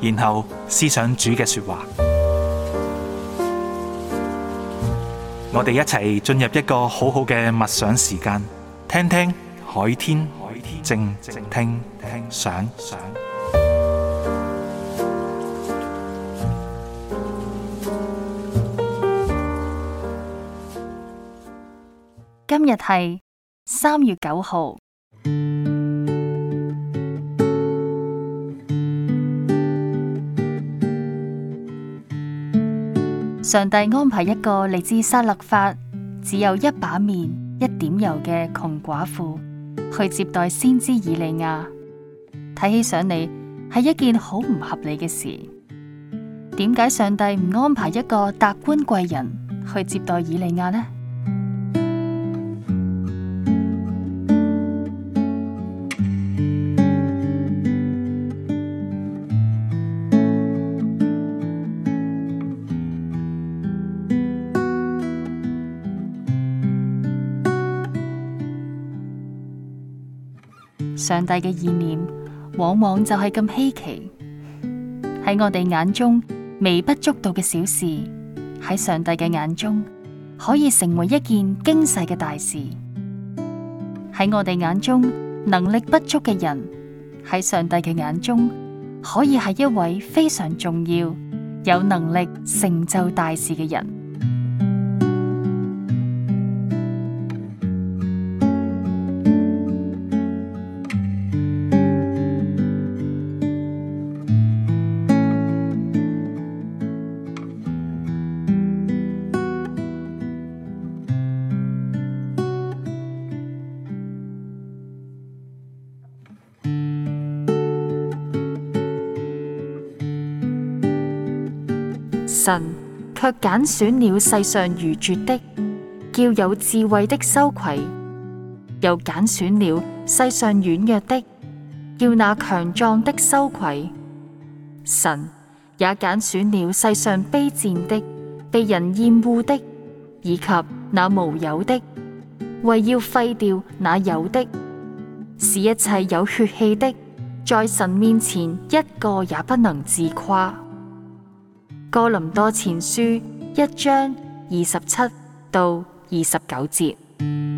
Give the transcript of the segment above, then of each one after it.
然後思想主嘅說話，嗯、我哋一齊進入一個好好嘅默想時間，聽聽海天靜聽聽想。今日係三月九號。上帝安排一個嚟自沙勒法，只有一把麵、一點油嘅窮寡婦去接待先知以利亞，睇起上嚟係一件好唔合理嘅事。點解上帝唔安排一個達官貴人去接待以利亞呢？上帝嘅意念往往就係咁稀奇，喺我哋眼中微不足道嘅小事，喺上帝嘅眼中可以成為一件驚世嘅大事。喺我哋眼中能力不足嘅人，喺上帝嘅眼中可以係一位非常重要、有能力成就大事嘅人。神卻揀選了世上愚拙的，叫有智慧的羞愧；又揀選了世上軟弱的，叫那強壯的羞愧。神也揀選了世上卑賤的、被人厭惡的，以及那無有的，為要廢掉那有的，使一切有血氣的，在神面前一個也不能自誇。哥林多前書一章二十七到二十九節。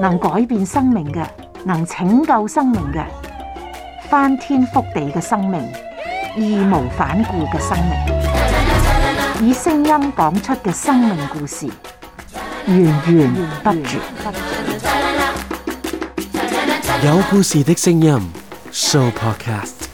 能改變生命嘅，能拯救生命嘅，翻天覆地嘅生命，義無反顧嘅生命，以聲音講出嘅生命故事，源源不絕。有故事的聲音，Show Podcast。